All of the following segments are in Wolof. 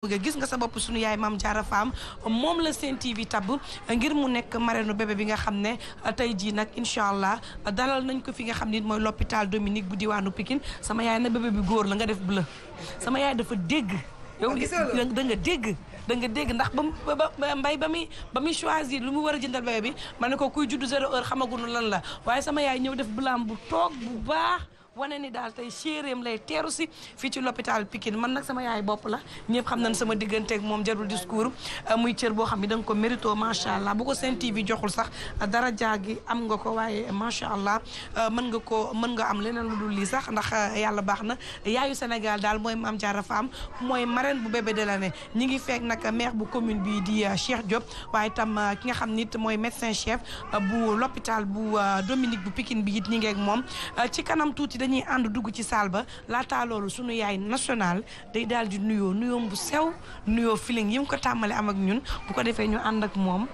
bëgg gis nga sa bopp suñu yaay maam Diarra Fam moom la Sen TV tabb ngir mu nekk nu bébé bi nga xam ne euh, tey jii nag incha allah dalal nañ ko fi nga xam ne mooy l'hôpital Dominique bu diwaanu pikin sama yaay na bébé bi góor la nga def bleu sama yaay dafa dégg ah, yow da nga dégg da nga dégg ndax ba ba mbay ba muy ba muy choisir lu mu war a jëndal bébé bi ma ne ko kuy juddu zéro heure xamaguñu lan la waaye sama yaay ñëw def blanc bu toog bu baax wane ni daal tey chéréem lay teeru si fii ci l'hôpital Pikine man nag sama yaay bopp la ñëpp xam nañ sama digganteeg moom jarul discours euh, muy cër boo xam ne da nga ko mérito macha allah bu ko seen TV joxul sax dara jaagi am nga ko waaye macha allah euh, mën nga ko mën nga am leneen lu dul lii sax ndax euh, yàlla baax na yaayu Sénégal daal mooy maam Diarra Fam mooy marraine bu bébé de la l'année ñi ngi feek nag maire bu commune bi di Cheikh Diop waaye tam ki nga xam nit mooy médecin chef bu l'hôpital bu Dominique bu Pikine bi ñi ngeeg moom ci kanam ñu ànd dugg ci saal ba laataa loolu sunu yaay national day daal di nuyoo nuyoom bu sew nuyoo feeling yi mu ko tàmmale am ak ñun bu ko defee ñu ànd ak moom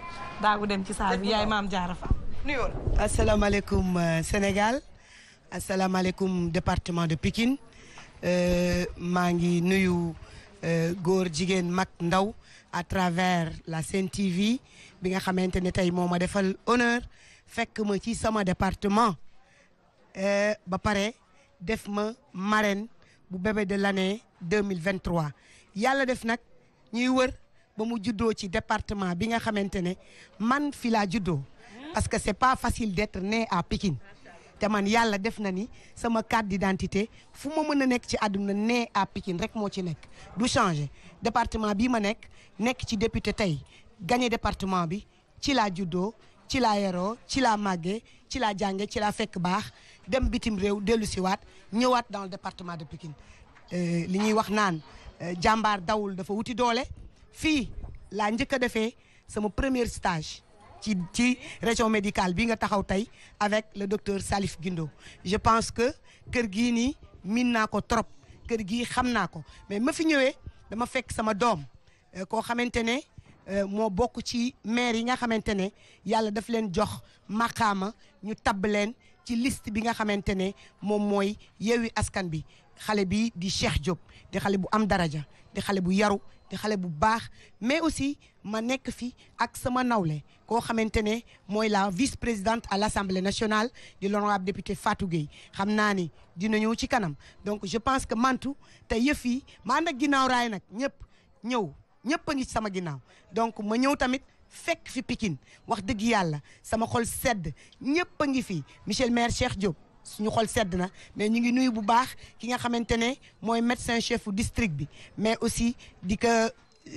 daagu dem ci saal bi yaay maam jaara fa nuyoo asalaamaaleykum euh, Sénégal asalaamaaleykum département de Pikine euh, maa ngi nuyu euh, góor jigéen mag ndaw à travers la Sen TV bi nga xamante ne tey moo ma defal honneur fekk ma ci sama département ba pare def ma marraine bu bébé de l'année 2023 yàlla def nag ñuy wër ba mu juddoo ci département bi nga xamante ne man fi laa juddoo parce que c'est pas facile d'être né à Pikine te man yàlla def na ni sama carte d'identité fu ma mën a nekk ci àdduna nee à Pikine rek moo ci nekk du changer département bii ma nekk nekk ci député tey gagné département bi ci laa juddoo ci laa yaroo ci laa màggee ci laa jànge ci laa fekk baax dem bitim réew dellu siwaat ñëwaat dans le département de Pikine euh, li ñuy wax naan euh, jàmbaar dawul dafa wuti doole fii laa njëkk a defee sama première stage ci ci région médical bi nga taxaw tey avec le docteur Salif Guindo je pense que kër gii nii miin naa ko trop kër gi xam naa ko mais ma fi ñëwee dama fekk sama doom euh, koo xamante ne moo bokk ci maire yi nga xamante ne yàlla daf leen jox maqaama ñu tabb leen ci liste bi nga xamante ne moom mooy yeewi askan bi xale bi di Cheikh Diop di xale bu am daraja di xale bu yaru di xale bu baax mais aussi ma nekk fi ak sama nawle koo xamante ne mooy la vice-présidente à l'Assemblée nationale di l'honorable député Fatou Gueye xam naa ni dina ñëw ci kanam donc je pense que mantu te yëf yi maa a ginnaaw raay nag ñëpp ñëw ñëpp a ngi sama ginnaaw donc ma ñëw tamit fekk fi Pikine wax dëgg yàlla sama xol sedd ñëpp a ngi fi monsieur le maire Cheikh Diop suñu xol sedd na mais ñu ngi nuyu bu baax ki nga xamante ne mooy médecin chef district bi mais aussi di ko euh,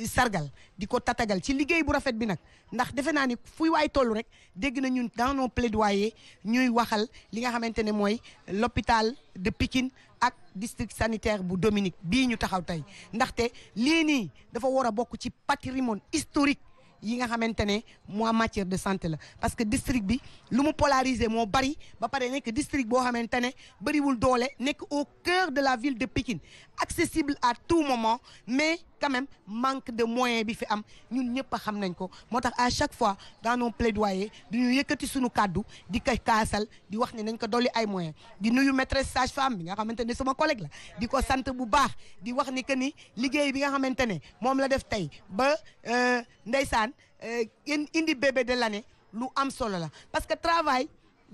sargal di ko tatagal ci liggéey bu rafet bi nag ndax defe naa ni fuy waay toll rek dégg na ñun dans nos plaidoyers ñuy waxal li nga xamante ne mooy l'hôpital de Pikine ak district sanitaire bu Dominique bii ñu taxaw tey ndaxte lii nii dafa war a bokk ci patrimoine historique yi nga xamante ne mois matière de santé la parce que district bi lu mu polarisé moo bari ba pare nekk district boo xamante ne bëriwul doole nekk au cœur de la ville de Pikine accessible à tout moment mais quand même manque de moyen bi fi am ñun ñëpp a xam nañ ko moo tax à chaque fois dans nos plaidoyers du ñu yëkkati suñu kàddu di ko kaasal di wax ne nañ ko dolli ay moyen di nuyu maîtresse sage femme bi nga xamante ne suma collègue la di ko sant bu baax di wax ni que ni liggéey bi nga xamante ne moom la def tey ba euh, ndeysaan Eh, indi bébé de l'année lu am solo la parce que travail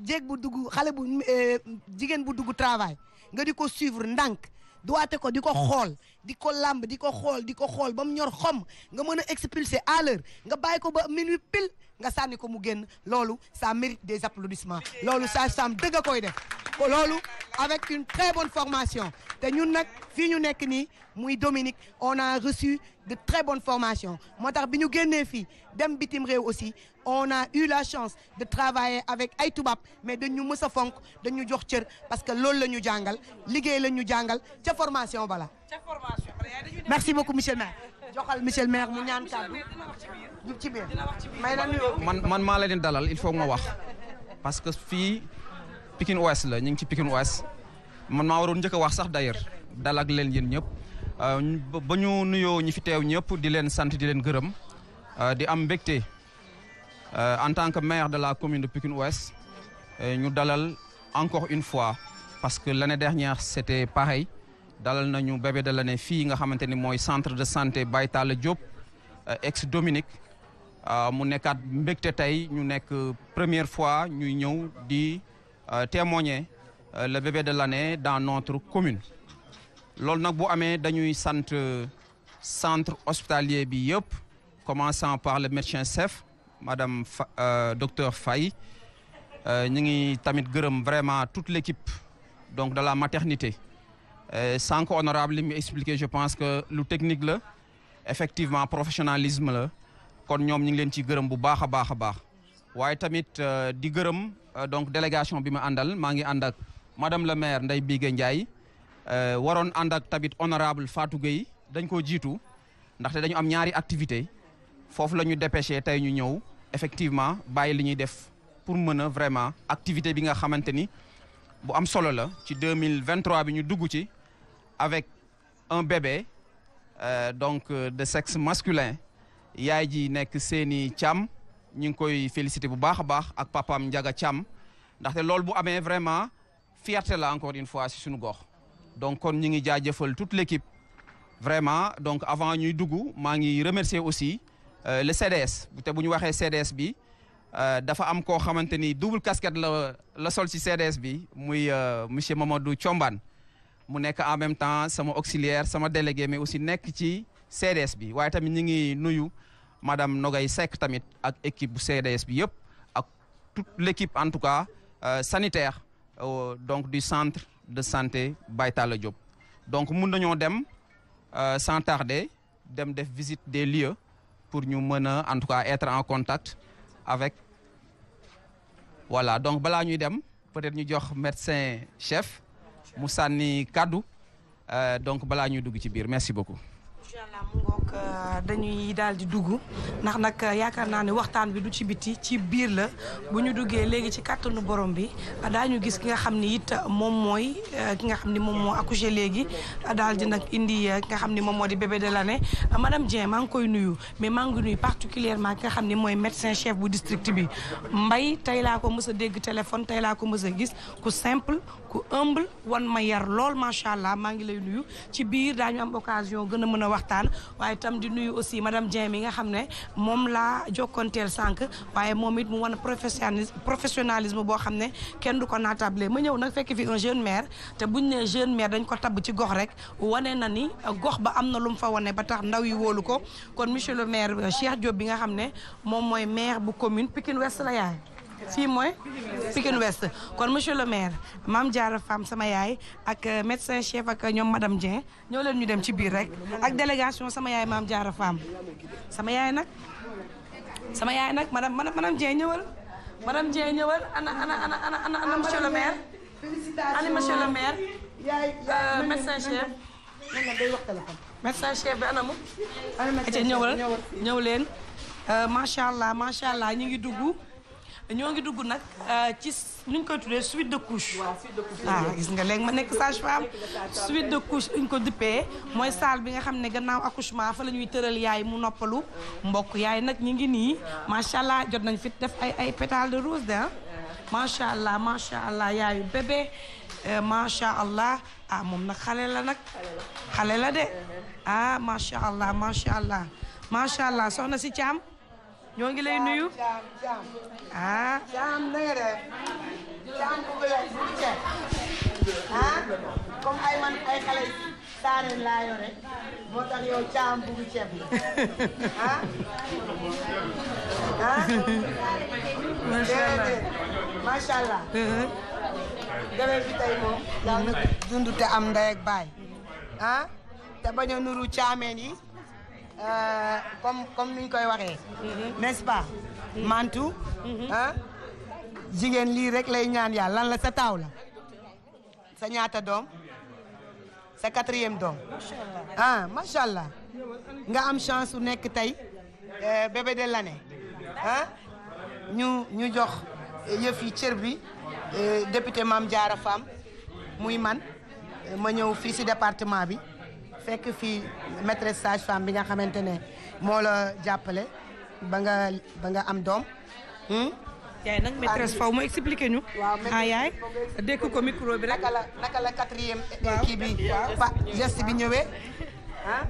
jéeg bu dugg xale bu eh, jigéen bu dugg travail nga di ko suivre ndànk duwaate ko di ko xool di ko làmb di ko xool di ko xool ba mu ñor xom nga mën a expulser à l'heure nga bàyyi ko ba minuit pile nga sànni ko mu génn loolu ça mérite des applaudissements loolu sa sam dëgg a koy def loolu avec une très bonne formation te ñun nag fii ñu nekk nii muy Dominique on a reçu de très bonnes formation moo tax bi ñu génnee fii dem bitim réew aussi on a eu la chance de travailler avec ay tubaab mais dañu mës a fonk dañu jox cër parce que loolu la ñu jàngal liggéey la ñu jàngal ca formation bala ca formation merci beaucoup monsieur le maire joxal monsieur le maire mu ñaan kàddu jub ci biir man man maa la leen dalal il faut nga wax parce que fii Pikine Ouest la ñu ngi ci Pikine Ouest man maa waroon njëkk a wax sax d'ailleurs dalal leen yéen ñëpp Euh, ba ñu nuyoo ñi fi teew ñëpp di leen sant di leen gërëm euh, di am mbégte euh, en tant que maire de la commune de Pikine Ouest ñu dalal encore une fois parce que l'année dernière c'était pareil dalal nañu bébé de l'année fii nga xamante ni mooy centre de santé Baye Talla Diop ex Dominique mu nekkaat mbégte tey ñu nekk première fois ñuy ñëw di témoigner le bébé de l'année dans notre commune loolu nag bu amee dañuy sant euh, centre hospitalier bi yëpp commençant par le médecin chef madame euh, docteur Faye euh, ñu ngi tamit gërëm vraiment toute l'équipe donc de la maternité sans que honorable li expliqué je pense que lu technique la effectivement professionnalisme la kon ñoom ñu ngi leen ci gërëm bu baax a baax a baax waaye tamit di gërëm donc délégation bi ma àndal maa ngi ànd ak madame le maire Ndeye Bigue Ndiaye Euh, waroon ànd ak tamit honorable Fatou Gueye dañ koo jiitu ndaxte dañu am ñaari activité foofu la ñu dépêché tey ñu ñëw effectivement bàyyi li ñuy def pour mën a vraiment activité bi nga xamante ni bu am solo la ci 2023 bi ñu dugg ci avec un bébé euh, donc euh, de sexe masculin yaay ji nekk seeni càmm ñu ngi koy félicité bu baax a baax ak papaam Ndiaga Thiam ndaxte loolu bu amee vraiment fierté la encore une fois si suñu gox donc kon ñu ngi jaajëfal toute l' équipe vraiment donc avant ñuy dugg maa ngi remercier aussi euh, le CDS te bu ñu waxee CDS bi euh, dafa am koo xamante ni double casquette la la sol ci CDS bi muy euh, monsieur Mamadou Thiombane mu nekk en même temps sama auxiliaire sama délégué mais aussi nekk ci CDS bi waaye tamit ñu ngi nuyu madame Nogay Seck tamit ak équipe bu bi yëpp ak toute l' en tout cas sanitaire donc du centre. de santé Baye Talla Diop donc mun nañoo dem euh, sans tarder dem def visite des lieux pour ñu mën a en tout cas être en contact avec voilà donc balaa ñuy dem peut-être ñu jox médecin chef mu sànni kàddu euh, donc balaa ñuy dugg ci biir merci beaucoup. donc euh, dañuy daal di dugg ndax nag euh, yaakaar naa ne waxtaan bi du ci biti ci biir la bu ñu duggee léegi ci kàttanu borom bi daañu gis ki nga xam ni it moom mooy euh, ki nga xam ni moom moo accouché léegi daal di nag indi ki nga xam ni moom moo di bébé de l'année madame Dieng maa ngi koy nuyu mais maa ngi nuyu particulièrement ki nga xam ni mooy médecin chef bu district bi mbay tey laa ko mës a dégg téléphone tey laa ko mës a gis ku simple ku humble wan ma yar lool macha allah maa ngi lay nuyu ci biir daañu am occasion gën a mën a waxtaan waaye tam di nuyu aussi madame Dieng mi nga xam ne moom laa jokkonteel sànq waaye moom it mu wan professionnalisme professionnalisme boo xam ne kenn du ko naatable ma ñëw nag fekk fi un jeune maire te buñ ne jeune maire dañ ko tabb ci gox rek wane na ni gox ba am na lu mu fa wane ba tax ndaw yi wóolu ko kon monsieur le maire Cheikh Diop bi nga xam ne moom mooy maire bu commune Pikine Ouest fii mooy Pikine West kon monsieur le maire Mame Diarra Fam sama yaay ak euh, médecin chef ak ñoom madame Dieng ñoo leen ñu dem ci biir rek ak délégation sama yaay Mame Diarra Fam sama yaay nag sama yaay nag madame madame Dieng ñëwal madame Dieng ñëwal ana ana ana ana ana monsieur le maire ana monsieur le maire euh, médecin chef médecin chef bi ana mu ñëwal ñëw leen euh, macha allah macha allah ñu ngi dugg ñoo ngi dugg nag euh, ci nu ñu koy tuddee suite de couche. waaw ah, gis nga léegi ma nekk sage femme suite de couche ñu ko duppee mooy salle bi nga xam ne gannaaw accouchement fa la ñuy tëral yaay mu noppalu mbokk yaay nag ñu ngi nii macha allah jot nañ fi def ay ay pétales de rose de macha allah macha allah yaayu bébé euh, macha allah ah, moom nag xale la nag xale la ah, macha allah macha allah macha allah soxna si Thiam. ñoo ngi lay nuyu. ah. Thiam na nga def. Thiam bu ko yor ceeb. ah comme ay man ay xale saareen laa yore moo tax yow Thiam bu ceeb ah. ah. macha allah macha allah. Uh-huh. moom. daanaka te am ndey baay. ah te bañ nuru caameen yi. Euh, comme comme niñ koy waxee. Mhm. n'est-ce pas. Mhm. mantu. ah jigéen lii rek lay ñaan yàlla lan la sa taaw la. sa ñaata doom. sa quatrième doom. ah macha allah. nga am chance su nekk tey euh, bébé de l'année ah ñu ñu jox yëf yi cër bi euh, député Mame Diarra Fam muy man ma ñëw fii ci département bi. fekk fii maîtresse sage femme bi nga xamante ne moo la jàppale ba nga ba nga am doom. Hmm? yaay nag maîtresse faw mu expliqué ñu. waaw ah yaay dékk ko micro bi rek. naka la eh, bi ñëwee. ah.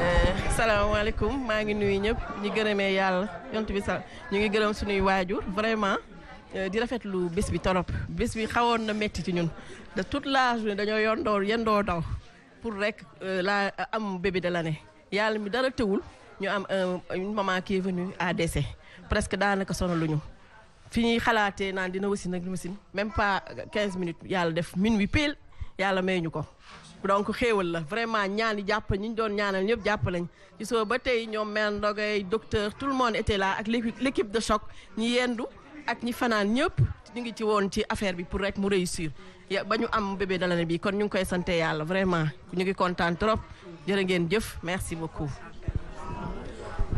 Eh, salaamaaleykum maa ngi nuy ñëpp ñi gërëmee yàlla yont bi sa ñu ngi gërëm suñuy waajur vraiment eh, di rafetlu bés bi torop bés bi xawoon na métti ci ñun de toute la journée dañoo yendoo yendoo daw. pour rek euh, la euh, am bébé de l'année yàlla mi dara tëwul ñu am une maman qui est venue à décès presque daanaka sonaluñu fi ñuy xalaatee naan dina wasin ak wasin même pas 15 minutes yàlla def minuit pile yàlla may ñu ko. donc xéewal la vraiment ñaani jàppa ñi ñu doon ñaanal ñëpp jàpp lañ ci soo ba tey ñoom mère docteur tout le monde était là ak l'équipe de choc ñi yendu ak ñi fanaan ñëpp. ñu ngi ci woon ci affaire bi pour rek mu réussir ba ñu am bébé de l'année bi kon ñu ngi koy sante yàlla vraiment ñu ngi kontaan trop jërë ngeen jëf merci beaucoup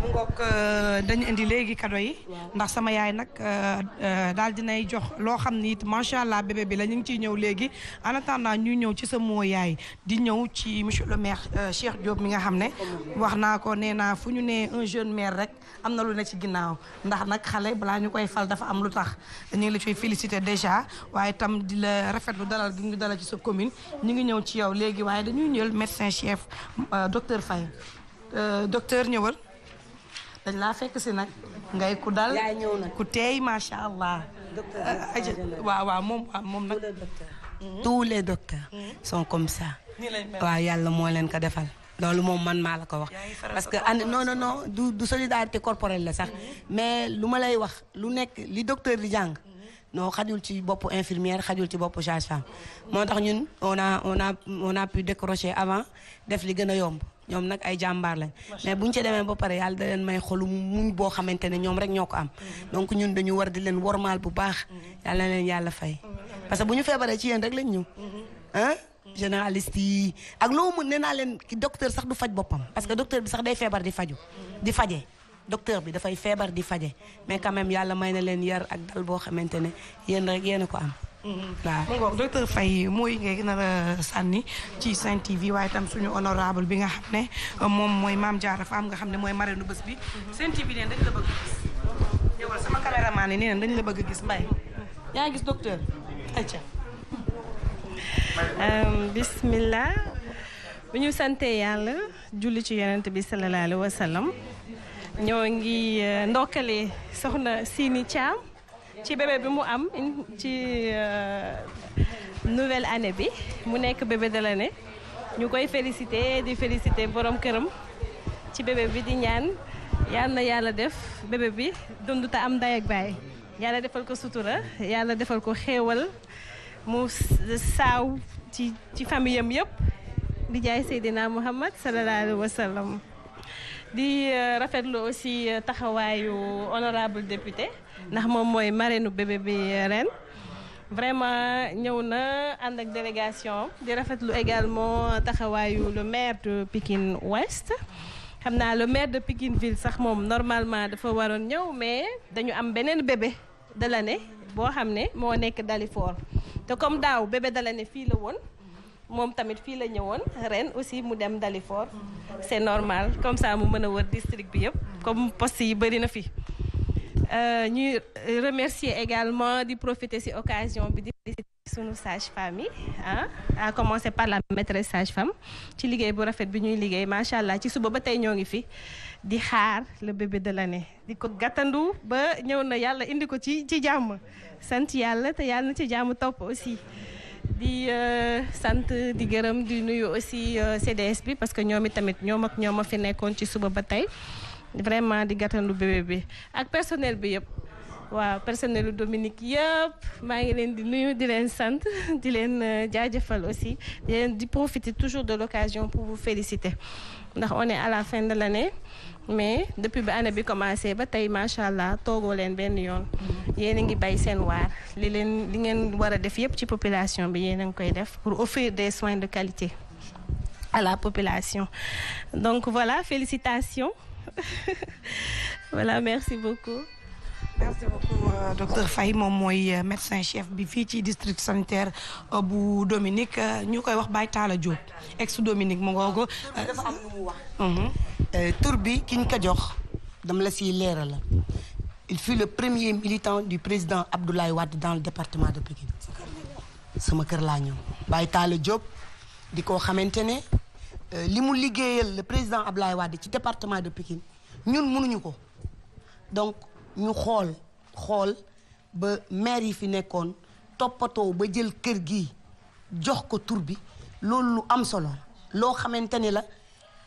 mu ngoog euh, dañu indi léegi kado yi ndax sama yaay nag euh, euh, daal dinay jox loo xam ni it macha allah bébé bi la ñu ngi ciy ñëw léegi en attendant ñu ñëw ci sa moo yaay di ñëw ci monsieur le maire Cheikh Diop mi nga xam ne wax naa ko nee naa fu ñu nee un jeune maire rek am na lu ne ci ginnaaw ndax nag xale balaa ñu koy fal dafa am lu tax ñu ngi la ciy félicité déjà waaye tam di la rafetlu dalal gi ñu dalal ci sa commune ñu ngi ñëw ci yow léegi waaye dañuy ñël médecin chef docteur Faye docteur ñëwal dañ laa fekk si nag ngay ku dal ku teey macha allah. Ah, waaw waaw moom waaw moom nag. tous les docteurs hmm? hmm? sont comme ça. waaw yàlla moo leen ko defal. loolu moom man maa la ko wax parce que and non non non du du solidarité corporelle la sax hmm? mais lu ma lay wax lu nekk li docteur di jàng non xajul ci boppu infirmière xajul ci boppu sage-femme moo tax ñun on a a on a pu décrocher avant def li gën a yomb ñoom nag ay jàmbaar lañ mais bu ñu ci demee ba pare yàlla da leen may xolu muñ boo xamante ne ñoom rek ñoo ko am donc ñun dañu war di leen wormaal bu baax yàlla na leen yàlla fay parce que bu ñu feebaree ci yéen rek lañ ñëw ah généraliste yi ak loo mën nee naa leen docteur sax du faj boppam parce que docteur bi sax day feebar di faju di fajee docteur bi dafay feebar di faje mais quand même yàlla may na leen yar ak dal boo xamante ne yéen rek yéen ko am waaw mu ngoog docteur Faye mooy ngay nar a euh, sànni ci Sen TV waaye tam suñu honorable bi nga xam ne euh, moom mooy Mame Diarra Fam nga xam ne mooy marraine bés bi mm-hmm. Sen TV neen dañ la bëgg gis dañ la bëgg gis Mbaye yaa gis docteur euh, bismillah bu ñu sante yàlla julli ci yonent bi sallallahu alayhi wa ñoo ngi ndokkale soxna Sini Thiam ci bébé bi mu am ci euh, nouvelle année bi mu nekk bébé de l'année ñu koy félicité di félicité borom këram ci bébé bi di ñaan yàlla na yàlla def bébé bi dund am ndey ak baay yàlla defal ko sutura yàlla defal ko xéewal mu saaw ci ci famille am yëpp di jaay Seydina Muhammad sallallahu alayhi wa sallam di euh, rafetlu aussi euh, taxawaayu honorable député ndax moom mooy marraine bébé bi ren vraiment ñëw na ànd ak délégation di rafetlu également taxawaayu le maire de Pikine Ouest xam naa le maire de Pikine ville sax moom normalement dafa waroon ñëw mais dañu am beneen bébé de l'année boo xam ne moo nekk Dalifort te comme daaw bébé de l'année fii la woon moom tamit fii la ñëwoon ren aussi mu dem Dalifort c'est normal comme ça mu mën a wër district bi yëpp comme poste yi bëri na fi Euh, ñuy euh, remercier également di profiter ci occasion bi di féliciter sunu sage-femme yi ah à commencer par la maîtresse sage-femme ci liggéey bu rafet bi ñuy liggéey macha allah ci suba ba tey ñoo ngi fi di xaar le bébé de l'année di ko gàttandu ba ñëw na yàlla indi ko ci ci jàmm sant yàlla te yàlla na ci jàmm topp aussi. di euh, sant di gërëm di nuyu aussi CDS bi parce que ñoom it tamit ñoom ak ñoom a fi nekkoon ci suba ba tey. vraiment di gàttandu bébé bi ak personnel bi yëpp waaw personnel u Dominique yëpp maa ngi leen di nuyu di leen sant di leen euh, jaajëfal aussi di leen di profiter toujours de l'occasion pour vous féliciter ndax on est à la fin de l'année mais depuis ba année bi commencé ba tey macha allah toogoo leen benn yoon yéen a ngi bay seen waar li leen li ngeen war a def yëpp ci population bi yéen a ngi koy def pour offrir des soins de qualité à la population donc voilà félicitations voilà merci beaucoup. merci beaucoup euh, moom mooy euh, médecin chef bi fii ci district sanitaire euh, bu Dominique ñu koy wax Baye Talla Diop ex Dominique mu ngoogu. Ah, dafa mhm. tur bi ki ñu ko jox dama la siy leeral il fut le premier militant du président Abdoulaye Wade dans le département de Pikine sama kër laa ñëw Baye Talla Diop di ko xamante ne. Euh, li mu liggéeyal le président Ablaye Wade ci département de Pikine ñun mënuñu ko donc ñu xool xool ba maire yi fi nekkoon toppatoo ba jël kër gi jox ko tur bi loolu lu am solo loo xamante ni la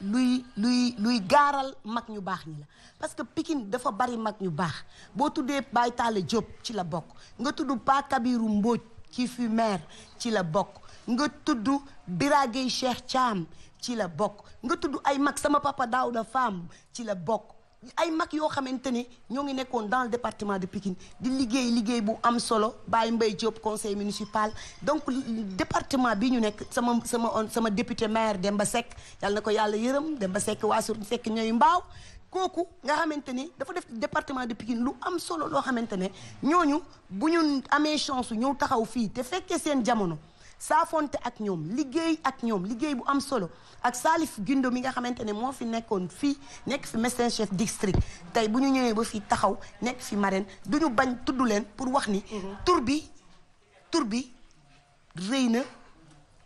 luy luy luy gaaral mag ñu baax ñi la parce que Pikine dafa bari mag ñu baax boo tuddee Baye Talla Diop ci la bokk nga tudd Pa Kabiru Mbodj ci fi maire ci la bokk nga tudd Biragey Cheikh Thiam ci la bokk nga tudd ay mag sama papa Daouda Fam ci la bokk ay mag yoo xamante ni ñoo ngi nekkoon dans le département de Pikine di liggéey liggéey bu am solo Baye Mbaye Diop conseil municipal donc département bi ñu nekk sama sama sama député dem ba sekk yàlla na ko yàlla yërëm dem ba Demba Seck waasur sekk ñooy mbaaw kooku nga xamante ni dafa def département de Pikine lu am solo loo xamante ne ñooñu bu ñu amee chance ñëw taxaw fii te fekkee seen jamono saafonte ak ñoom liggéey ak ñoom liggéey bu am solo ak Salif Guindo mi nga xamante ne moo fi nekkoon fii nekk fi message chef district tey bu ñu ñëwee ba fii taxaw nekk fi marraine du ñu bañ tudd leen pour wax ni mhm. tur bi tur bi rëy na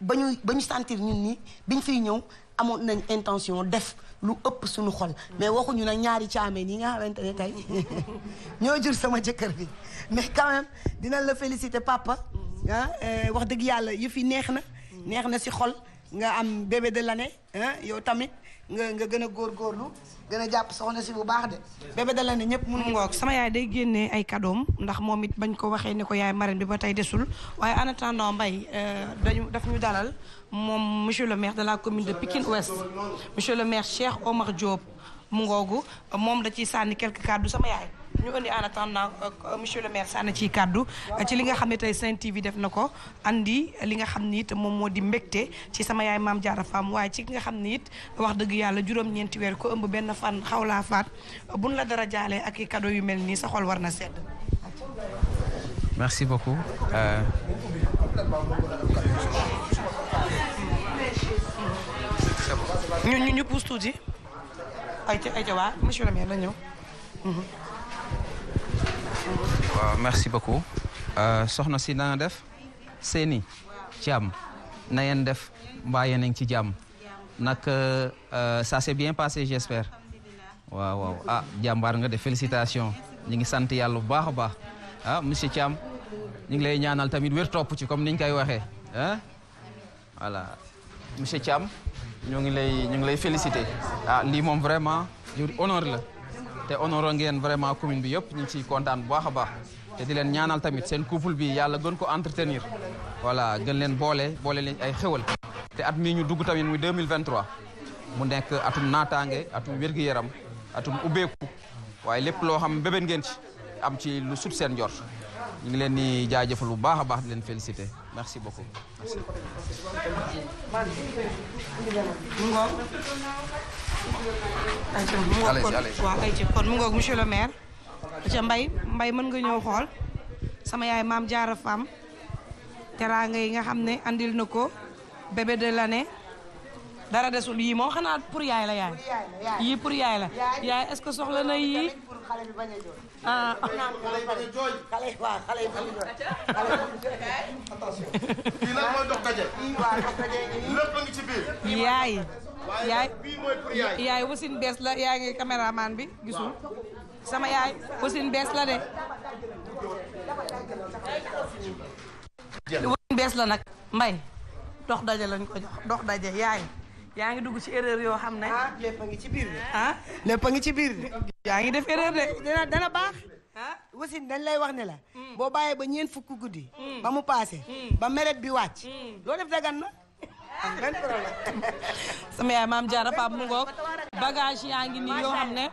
ba ñu ba ñu sentir ñun nii biñ fiy ñëw amoon nañ intention def lu ëpp suñu xol mais waxuñu nag ñaari caameen yi nga xamante ne tey ñoo jur sama jëkkër bi mais quand même la féliciter papa ah wax dëgg yàlla yi fi neex na. neex na si xol nga am bébé de l'année yow tamit nga nga gën a góor góorgóorlu gën a jàpp soxna si bu baax de. bébé de ne ñëpp mënu ngoog sama yaay day génne ay kadoom ndax moom it bañ ko waxee ne ko yaay marraine bi ba tey desul waaye en attendant mbay eh, dañu daf ñu dalal moom monsieur le maire de la commune de Pikine Ouest monsieur le maire Cheikh Omar Diop mu ngoogu moom da ciy sànni quelques kàddu sama yaay. ñu indi en attendant euh, monsieur le maire sànni ci kàddu ci li nga xam ne tey Sen TV def na ko andi li nga xam ni it moom moo di mbégte ci sama yaay maam Diarra Fam waaye ci ki nga xam ni it wax dëgg yàlla juróom-ñeenti weer ko ëmb benn fan xaw laa faat buñ la dara jaalee ak i cadeau yu mel nii sa xol war na sedd. merci beaucoup. Euh... ñu ñu ñu la ñëw. Mhm. waaw merci beaucoup euh, soxna si na def seeni jàmm na ngeen def mbaa yéen a ngi ci jàmm nag euh, ça s'est bien passé j'espère waaw waaw ah jàmbaar nga de félicitations ñu ngi sant yàlla bu baax a baax ah monsieur Thiam ñu ngi lay ñaanal tamit wér topp ci comme niñ koy waxee ah voilà monsieur Thiam ñoo ngi lay ñu ngi lay féliciter ah lii moom vraiment je la te honoro ngeen vraiment commune bi yëpp ñu ngi ciy kontaan bu a baax te di leen ñaanal tamit seen couple bi yàlla gën ko entretenir voilà gën leen boole boole leen ay xéwal te at mii ñu dugg tamit muy 2023 mu nekk atum naataange atum wér-gu-yaram atum ubbeeku waaye lépp loo xam bébén ngeen am ci lu sut seen njort ñu ngi di jaajëfal bu baax a baax di leen félicité merci beaucoup merci. waaw kay mu ngoog monsieur le maire mbay mbay mën nga ñëw xool sama yaay maam jaara faam teraanga yi nga xam ne andil na ko bébé de l'année dara desul yii moom xanaa pour yaay la yaay yii pour yaay la yaay est-ce que soxla na yii ah xale yi waaw xale yaay. yaay yaay wasin bees la yaa ngi caméraman bi gisul. sama yaay wasin bees la de. wasin bees la nag mbay dox daje lañ ko jox dox daje yaay. yaa ngi dugg ci erreur yoo xam ne. ah lépp a ngi ci biir ah. ngi ci biir de. yaa ngi def erreur de. dana dana baax. ah wasin dañ lay wax ne la. Hmm. boo bàyyee ba ñeent fukk guddi. Hmm. ba mu paase. Hmm. ba meret bi wàcc. loo def dagan na. am benn problème. sama yaay maam Diarra Pape mu yaa ngi nii yoo xam ne.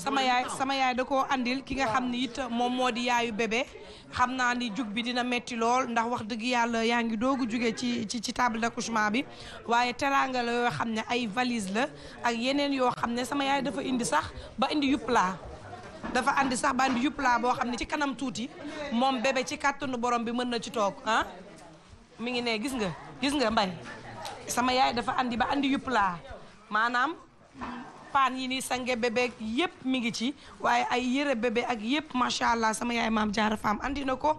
sama yaay sama yaay da koo andil ki nga xam ni it moom moo di yaayu bébé xam naa ni jug bi dina metti lool ndax wax dëgg yàlla yaa ngi doogu jugee ci ci ci table d'accouchement bi waaye teraanga la yoo xam ne ay valise la ak yeneen yoo xam ne sama yaay dafa indi sax ba indi yuppalaa dafa andi sax ba andi yuppalaa boo xam ne ci kanam tuuti moom bébé ci kàttanu borom bi mën na ci toog ah mi ngi ne gis nga gis nga mbay sama yaay dafa andi ba andi yuppalaa maanaam paan yi ni sange bébé ak yëpp mi ngi ci waaye ay yëre bébé ak yëpp macha allah sama yaay maam jaara faam andi na ko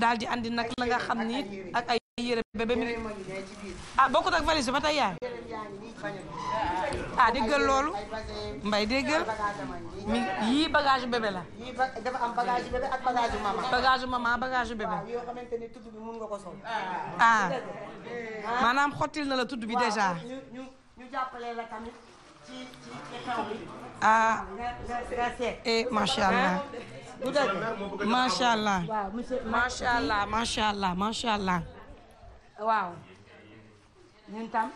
daal andi nag la nga xam ni ak ay yëre bébé mi ah bokkut ak valise ba tey yaay ah déggal loolu mbay déggal mi yii bagage bébé la dafa am bagage bébé nga ko sol ah maanaam xottil na la tudd bi déjà ah eh macha allah macha allah macha allah macha allah macha allah. waaw. ñun tam.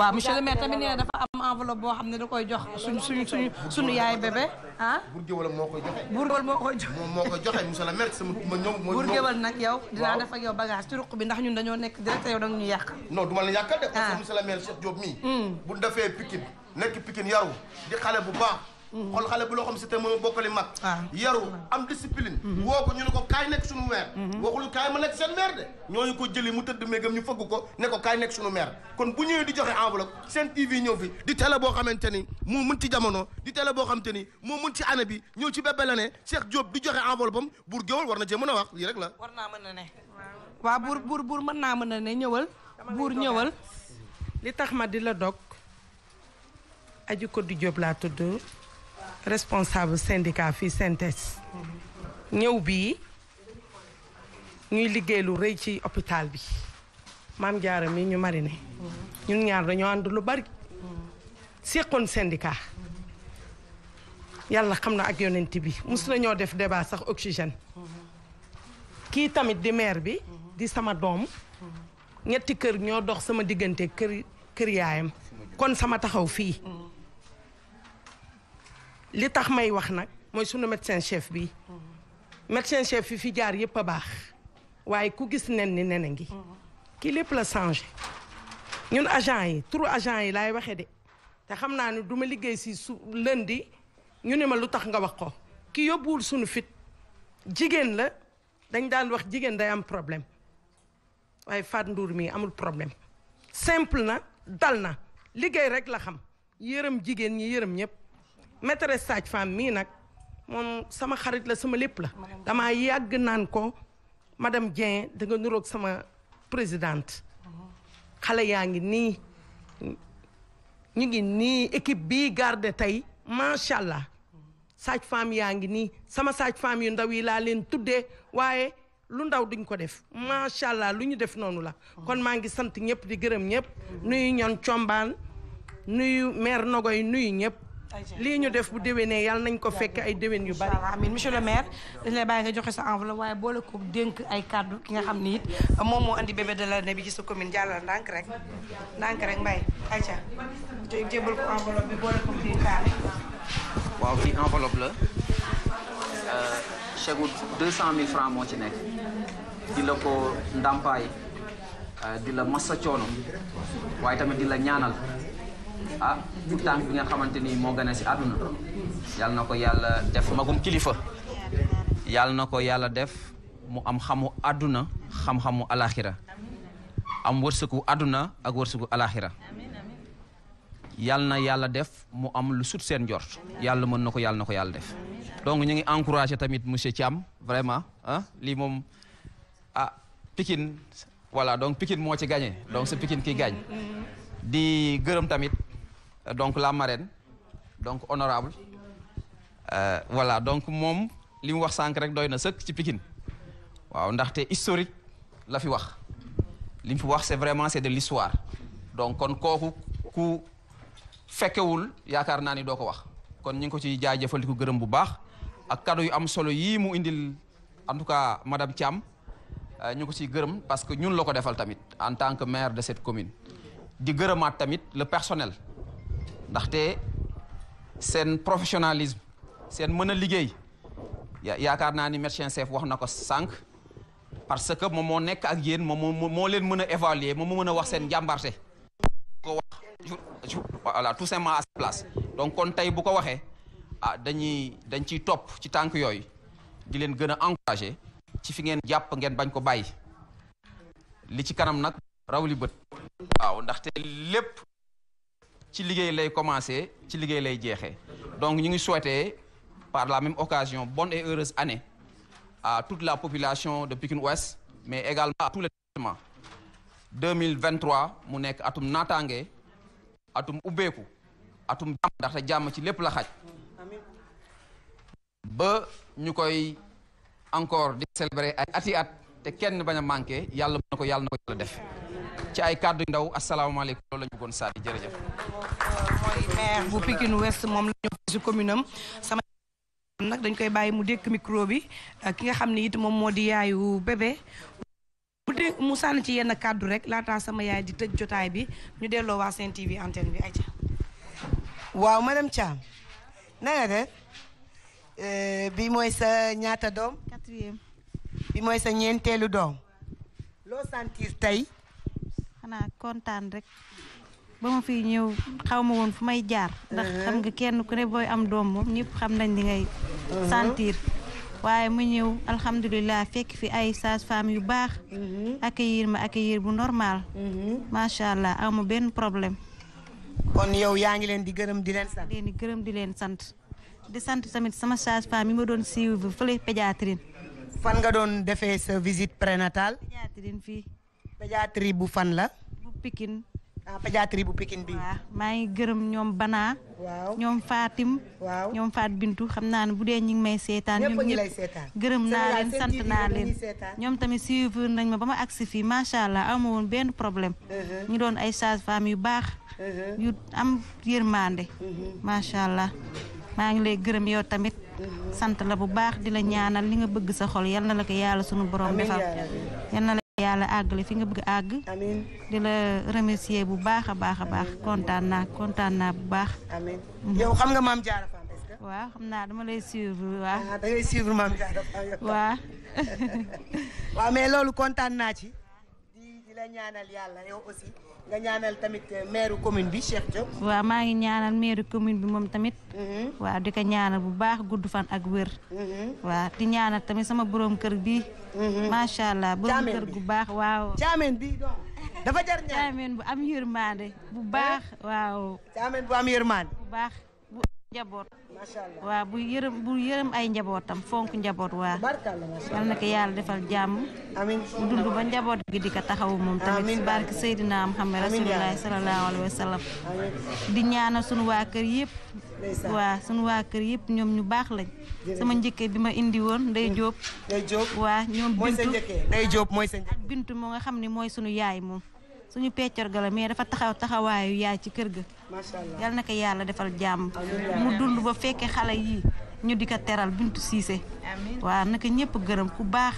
waaw monsieur le maire tamit nee na dafa am enveloppe boo xam ne da koy jox suñ suñ suñu suñu yaay bébé ah. buur géwal moo koy joxe. buur géwal moo koy joxe. moo koy joxe monsieur le maire sama ma ñoom. buur géwal nag yow dinaa def ak yow bagage ci ruq bi ndax ñun dañoo nekk direct yow da nga ñu yàq. non du ma la yàqal de. ah parce que ah. monsieur le maire Cheikh Diop mii. Hmm. bu ñu defee pikin. nekk Pikine yaru di xale bu baax. xool xale bu loo xam si te moom bokkali mag. Ah. yaru ah. am discipline. Mhm. woo ko ñu ne ko kaay nekk suñu maire. Mhm. waxul kaay ma nekk seen maire de. ñooñu ko jëli mu tëdd meegam ñu fëgg ko ne ko kaay nekk suñu maire kon bu ñëwee di joxe enveloppe seen TV ñëw fi di télé boo xamante ni moo mën ci jamono di télé boo xamante ni moo mën ci année bi ñëw ci bébé la ne Cheikh Diop di joxe enveloppe am buur géwal war na cee mën a wax lii rek la. war naa mën na ne. waaw buur buur buur mën naa mën na ne ñëwal. buur ñëwal li tax ma di la dog Aji Kodou Diop laa tudd responsable syndicat fii synthèse ñëw bii ñuy liggéey lu rëy ci hôpital bi maam jaara mi ñu mariné ñun ñaar dañoo ànd lu bari seqoon syndicat yàlla xam na ak yonent bi mus nañoo def débat sax oxygène kii tamit di maire bi di sama doom ñetti kër ñoo dox sama diggante kër kër yaayam kon sama taxaw fii li tax may wax nag mooy sunu médecin chef bi médecin chef yi fi jaar yépp a baax waaye ku gis nen ni nen a ngi ki lépp la changé ñun agent yi turu agent yi laay waxee de te xam naa ne duma liggéey si su lundi ñu ne ma lu tax nga wax ko ki yóbbuwul sunu fit jigéen la dañ daan wax jigéen day am problème waaye Fatou Ndour mii amul problème simple na dal na liggéey rek la xam yërëm jigéen ñi yërëm ñëpp maîtresse sage-femme mii nag moom sama xarit la sama lépp la. damaa yàgg naan ko madame Dieng da nga nuroog sama présidente. xale yaa ngi nii ñu ngi nii équipe bii garde tey macha allah sage-femme yaa ngi nii sama sage-femme yu ndaw yi laa leen tuddee waaye lu ndaw duñ ko def macha allah lu ñu def noonu la. kon maa ngi sant ñëpp di gërëm ñëpp. nuyu ñoon combaan nuyu maire Nogoy nuyu ñëpp. lii ñu def bu dewee ne yàlla nañ ko fekk ay déwén yu bari amiin monsieur le maire dañ lay bàyyi nga joxe sa enveloppe waaye boole ko dénk ay kàddu ki nga xam ni it moom moo indi bébé de l'année bi ci sa commune jàllal ndànk rek ndànk rek mbay ay jébal ko enveloppe bi boole la euh, chèque deux cent mille francs moo ci nekk di la ko ndàmpaay euh, di massa coono waaye tamit di ñaanal a ah, tout tànk bi nga xamante ni moo gën si àdduna yàlla na ko yàlla def magum kilifa yàlla na ko yàlla def mu am xamu àdduna xam-xamu alaxira am wërsëgu àdduna ak wërsëgu alaxira yàlla na yàlla def mu am lu sut seen jot yàlla mën na ko yàlla na ko yàlla def donc ñu ngi encouragé tamit monsieur Thiam vraiment ah lii moom a ah, Pikine voilà donc Pikine moo ci gagné donc c'est Pikine ki gagne di gërëm tamit donc la marraine donc honorable euh, voilà donc moom li mu wax sànq rek doy na sëkk ci Pikine waaw ndaxte historique la fi wax li mu fi wax c'est vraiment c'est de l'histoire donc kon kooku ku fekkewul yaakaar naa ni doo ko wax kon ñu ngi ko ci jaajëfal di ko gërëm bu baax ak cadeau yu am solo yii mu indil en tout cas madame Thiam euh, ñu ko ciy gërëm parce que ñun la ko defal tamit en tant que maire de cette commune di gërëmaat tamit le personnel ndaxte seen professionnalisme seen mën a liggéey yaakaar naa ni médecin chef wax na ko sànq parce que moom moo nekk ak yéen moom moo leen mën a évaluer moom moo mën a wax seen njàmbarte ko wax voilà tout simplement sa place donc kon tey bu ko waxee ah dañuy dañ ciy topp ci tànk yooyu di leen gën a encourager ci fi ngeen jàpp ngeen bañ ko bàyyi li ci kanam nag raw bët waaw ndaxte lépp ci liggéey lay commencer ci liggéey lay jeexee donc ñu ngi souhaiter par la même occasion bonne et heureuse année à toute la population de Pikine Ouest mais également à tous les départements 2023 mu nekk atum nataange atum ubbeeku atum jàmm ndaxte jàmm ci lépp la xaj ba ñu koy encore di célébrer ay ati at te kenn bañ a manqué yàlla mën na ko yàlla na ko yàlla def ci ay kàddu ndaw asalaamaaleykum loolu la ñu bëggoon Sadji jërëjëf. bu Pikine Ouest moom la ñu si commune am sama nag dañ koy bàyyi mu dékk micro bi ki nga xam ni it moom moo di yaayu bébé. bu mu sànni ci yenn kàddu rek laataa sama yaay di tëj jotaay bi ñu delloo waa Sen TV antenne bi ayca. waaw madame Thiam na nga def euh, bi mooy sa ñaata doom. quatrième. bi mooy sa ñeenteelu doom. loo sentir tey xanaa kontaan rek ba ma fiy ñëw xaw ma woon fu may jaar. ndax uh-huh. xam nga kenn ku ne booy am doom moom ñëpp xam nañ li ngay. Uh-huh. sentir waaye mu ñëw alhamdulilah fekk fi ay sages-femmes yu baax. Uh-huh. accueillir ma accueillir bu normal. macha allah amu benn problème. kon yow yaa ngi leen di gërëm di leen sant. di gërëm di leen sant. di tamit sama sage-femme yi ma doon suivre fële pédiatrine. fan nga doon defee sa visite prénatale. pédiatrine fii. pédiatrie bu fan la. bu Pikine. ah pédiatrie bu Pikine bi. waaw maa ngi gërëm ñoom banaa waaw ñoom Fatim. waaw ñoom Fat Bintu xam naa ne bu dee ñu ngi may seetaan. ñëpp ngi lay seetaan gërëm naa leen sant naa leen. ñoom tamit suivre nañ ma ba ma agsi fii macha allah am woon benn problème. Uh-huh. ñu doon ay sages-femmes yu baax. Uh-huh. yu am yërmande. Uh-huh. macha allah maa ngi lay gërëm yow tamit. sant la bu baax di la ñaanal li nga bëgg sa xol yal na la ko yàlla sunu borom defal. yàlla àggale fi nga bëgg àgg. amiin di la remercier bu baax a baax a baax kontaan naa kontaan naa bu baax. amiin mhm. xam nga maam Diarra Fam fa ce que. waaw xam naa dama lay suivre waaw. Ah, da ngay loolu kontaan naa ci. nga ñaanal yàlla yow aussi nga ñaanal tamit euh, maire commune bi Cheikh Diop. waaw maa ngi ñaanal maire commune bi moom tamit. Mm-hmm. waaw di ko ñaanal bu baax gudd fan ak wér. Mm-hmm. waaw di ñaanal tamit sama borom kër bi. macha mm-hmm. allah borom kër gu baax waaw. caamen bi donc dafa jar ñaan. caamen bu am yërmande bu baax waaw. caamen bu am yërmande bu baax. njaboot waa bu yërëm bu yërëm ay njabootam fonk njaboot waa yal na ko yàlla defal jàmm mu dund ba njaboot gi di ko taxawu moom tamit barke Seydina Muhammad rasulullah sallallahu alayhi wa sallam di ñaana sunu waa kër yëpp waa sunu waa kër yëpp ñoom ñu baax lañ sama njëkkee bi ma indi woon nday jóob waa ñoom bintu ak bintu moo nga xam ne mooy sunu yaay moom suñu peccar ga la mais dafa taxaw taxawaayu yaay ci kër ga. macha yal na ko yàlla defal jàmm. mu dund ba fekkee xale yi ñu di ko teral Bintu Siise. waaw naka ñëpp gërëm ku baax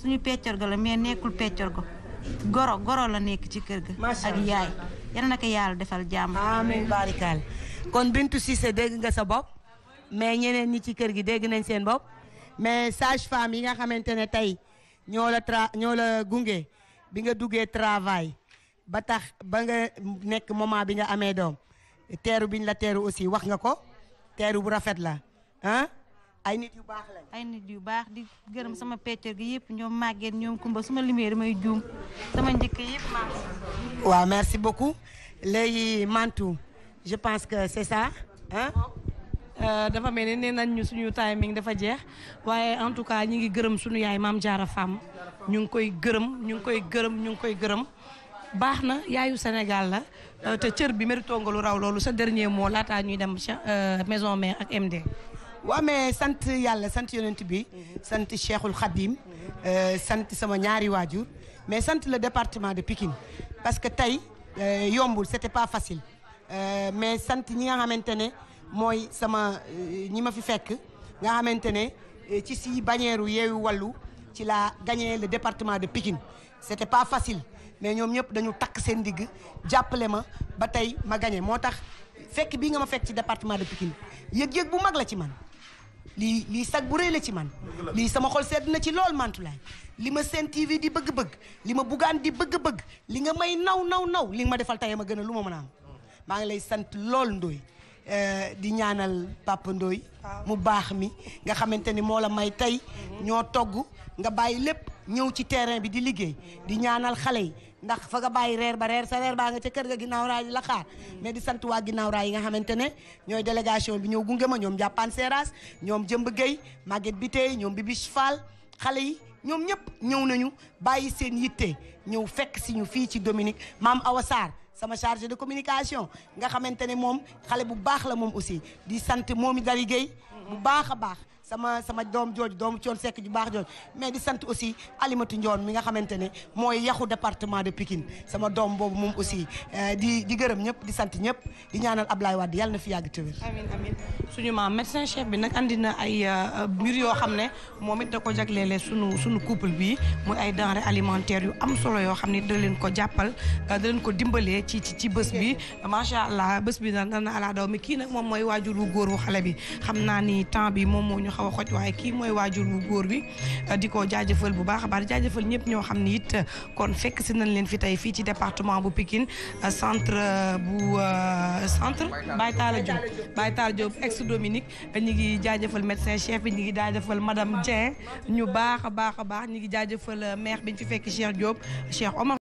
suñu peccar ga la mais nekkul peccar ga goro goro la nekk ci kër ga. ak yaay yal na ko yàlla defal jàmm. amiin kon Bintu Siise dégg nga sa bopp mais ñeneen ñi ci kër gi dégg nañ seen bopp mais sage femme yi nga xamante ne tey ñoo la tra ñoo la gunge bi nga duggee travail. ba tax ba nga nekk moment bi nga amee doom teeru biñ la teeru aussi wax nga ko teeru bu rafet la ah ay nit yu baax nit yu baax di gërëm sama peccor gi yëpp ñoom màgget ñoom kumba suma lumière may juum sama njëkk yëpp maa waaw merci beaucoup léegi Mantou je pense que c'est ça ah dafa mel ne nee nañ ñu suñu timing dafa jeex waaye en tout cas ñu ngi gërëm suñu yaay maam Jaara Fam ñu ngi koy gërëm ñu ngi koy gërëm ñu ngi koy gërëm baax na yaayu Sénégal la euh, te cër bi méritoo nga lu raw loolu sa dernier moo laataa ñuy dem euh, maison mais ak MD. waaw mais sant yàlla sant yonent bi sant Cheikhul Khadim euh, sant sama ñaari waajur mais sant le département de Pikine parce que tey yombul c'était pas facile mais sant ñi nga xamante ne mooy sama ñi ma fi fekk nga xamante ne ci si bannière Yewwi Wallu ci la gagné le département de Pikine c'était pas facile mais ñoom ñëpp dañu takk seen digg jàppale ma ba tey ma gañe moo tax fekk bii nga ma fekk ci département de Pikine yëg-yëg bu mag la ci man lii lii sag bu rëy la ci man lii sama xol sedd na ci lool Mantoulaye li ma Sen TV di bëgg-bëgg li ma bugaan di bëgg-bëgg li nga may naw naw naw li ma defal tey ma gën a lu ma mën a am maa ngi lay sant lool Ndoye euh, di ñaanal Papa Ndoye mu baax mi nga xamante ni moo la may tey mhm. ñoo togg nga bàyyi lépp ñëw ci terrain bi di liggéey di ñaanal xale yi ndax fa nga bàyyi reer ba reer sa reer baa nga ca kër ga ginnaaw raay la xaar mais di sant waa ginnaaw raay yi nga xamante ne ñooy délégation bi ñëw gunge ma ñoom jàppaan seeraas ñoom jëmb Guèye bi Biteye ñoom Bibiche Fall xale yi ñoom ñëpp ñëw nañu bàyyi seen yitte ñëw fekk si ñu fii ci Dominique maam Awa Sarr sama chargé de communication nga xamante ne moom xale bu baax la moom aussi di sant moom i dari Guèye bu baax a baax sama sama doom jooju doom coon sekk ju baax jooju mais di sant aussi Alimatu Njoon mi nga xamante ne mooy yaxu département de Pikine sama doom boobu moom aussi euh, di di gërëm ñëpp di sant ñëpp di ñaanal Ablaye Wade yàlla na fi yàgg tëwér amiin amiin suñu maam médecin chef bi nag andi na ay euh, mbir yoo xam ne moom it da ko jagleele suñu suñu couple bi muy ay denrées alimentaire yu am solo yoo xam ne da leen ko jàppal euh, da leen ko dimbalee ci ci ci bés bi macha allah bés bi na dana alaa daw kii nag moom mooy waajur wu góor xale bi xaw a xoj waaye kii mooy waajur bu góor bi euh, di ko jaajëfal bu baax a baax di jaajëfal ñëpp ñoo xam ne it kon fekk si nañ leen fi tey fii ci département bu Pikine euh, centre euh, bu centre Baye Talla Diop Baye Talla Diop ex Dominique ñu ngi jaajëfal médecin chef bi ñu ngi jaajëfal madame Dieng ñu baax a baax a baax ñu ngi jaajëfal maire bi ñu fi fekk Cheikh Diop Cheikh Omar